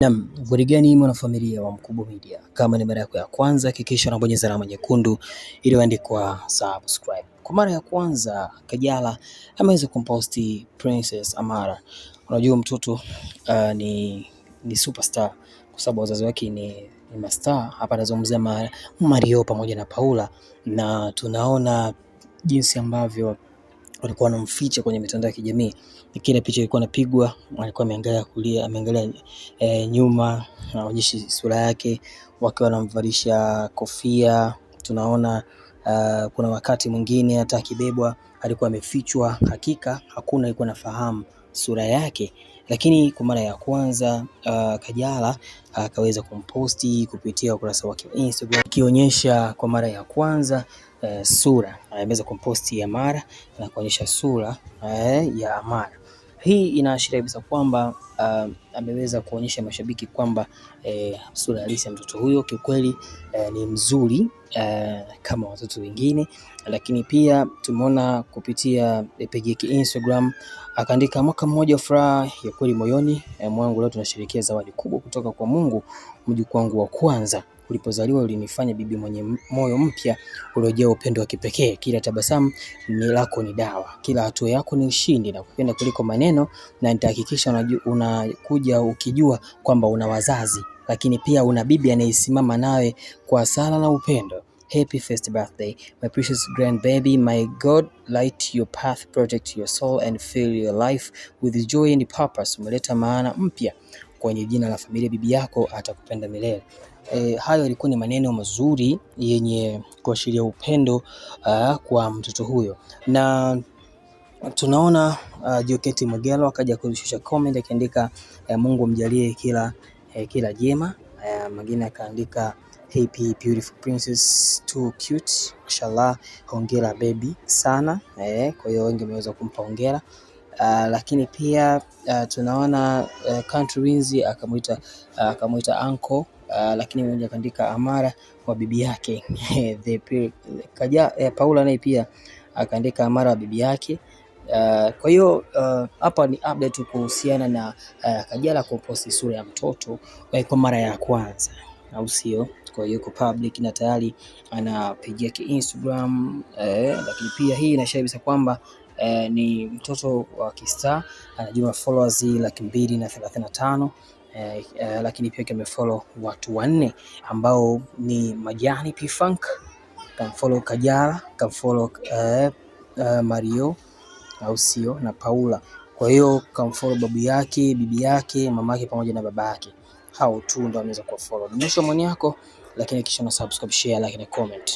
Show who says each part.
Speaker 1: nam warigani mwanafamilia wa Mkubwa Media, kama ni mara yako ya kwanza hakikisha unabonyeza alama nyekundu iliyoandikwa subscribe. Kwa mara ya kwanza Kajala ameweza kumposti Princess Amara. Unajua mtoto uh, ni, ni superstar kwa sababu wazazi wake ni, ni mastar. Hapa anazungumzia Mario pamoja na Paula, na tunaona jinsi ambavyo walikuwa wanamficha kwenye mitandao ya kijamii. Kila picha ilikuwa inapigwa, alikuwa ameangalia kulia, ameangalia e, nyuma, anaonyesha sura yake, wakiwa wanamvalisha kofia. Tunaona uh, kuna wakati mwingine hata akibebwa alikuwa amefichwa. Hakika hakuna alikuwa anafahamu sura yake, lakini kwa mara ya kwanza uh, Kajala akaweza uh, kumposti kupitia ukurasa wake wa Instagram, akionyesha kwa mara ya kwanza uh, sura ameweza eh, kumposti Amara na kuonyesha sura uh, ya Amara. Hii inaashiria kabisa kwamba uh, ameweza kuonyesha mashabiki kwamba uh, sura halisi ya mtoto huyo kiukweli uh, ni mzuri uh, kama watoto wengine, lakini pia tumeona kupitia eh, yake Instagram akaandika mwaka mmoja furaha ya kweli moyoni eh, mwangu. Leo tunasherehekea zawadi kubwa kutoka kwa Mungu, mjukuu wangu wa kwanza ulipozaliwa ulinifanya bibi mwenye moyo mpya uliojaa upendo wa kipekee. Kila tabasamu ni lako ni dawa, kila hatua yako ni ushindi, na kupenda kuliko maneno, na nitahakikisha unakuja ukijua kwamba una wazazi lakini pia una bibi anayesimama nawe kwa sala na upendo. Happy first birthday my precious grand baby, my God light your path, protect your soul and fill your life with joy and purpose. Umeleta maana mpya kwenye jina la familia, bibi yako atakupenda milele. E, hayo yalikuwa ni maneno mazuri yenye kuashiria upendo uh, kwa mtoto huyo na tunaona uh, ah, Joketi Mwegelo akaja kushusha comment akiandika, eh, Mungu amjalie kila eh, kila jema eh, mwingine akaandika Happy beautiful princess too cute mashallah, hongera baby sana eh. Kwa hiyo wengi wameweza kumpa hongera. Uh, lakini pia uh, tunaona uh, Country wins akamuita uh, ah, akamuita uncle uh, lakini mmoja akaandika Amara kwa bibi yake Kaja, eh, Paula naye pia akaandika Amara wa bibi yake Uh, kwa hiyo eh, hapa uh, ni update kuhusiana na uh, Kajala kuposti sura ya mtoto kwa mara ya kwanza, au sio? Kwa hiyo yuko public na tayari anapigia ki Instagram uh, lakini pia hii inaashiria kabisa kwamba uh, ni mtoto wa kista ana jumla followers laki mbili na thelathini na tano. lakini pia kamefollow watu wanne ambao ni Majani P Funk, kamfollow Kajala, kamfollow uh, uh, Mario au sio, na Paula. Kwa hiyo kamfollow babu yake, bibi yake, yake pamoja na baba yake. Hao tu ndio wameweza kuwafollow. Dondosha maoni yako, lakini kisha na subscribe, share, like na comment.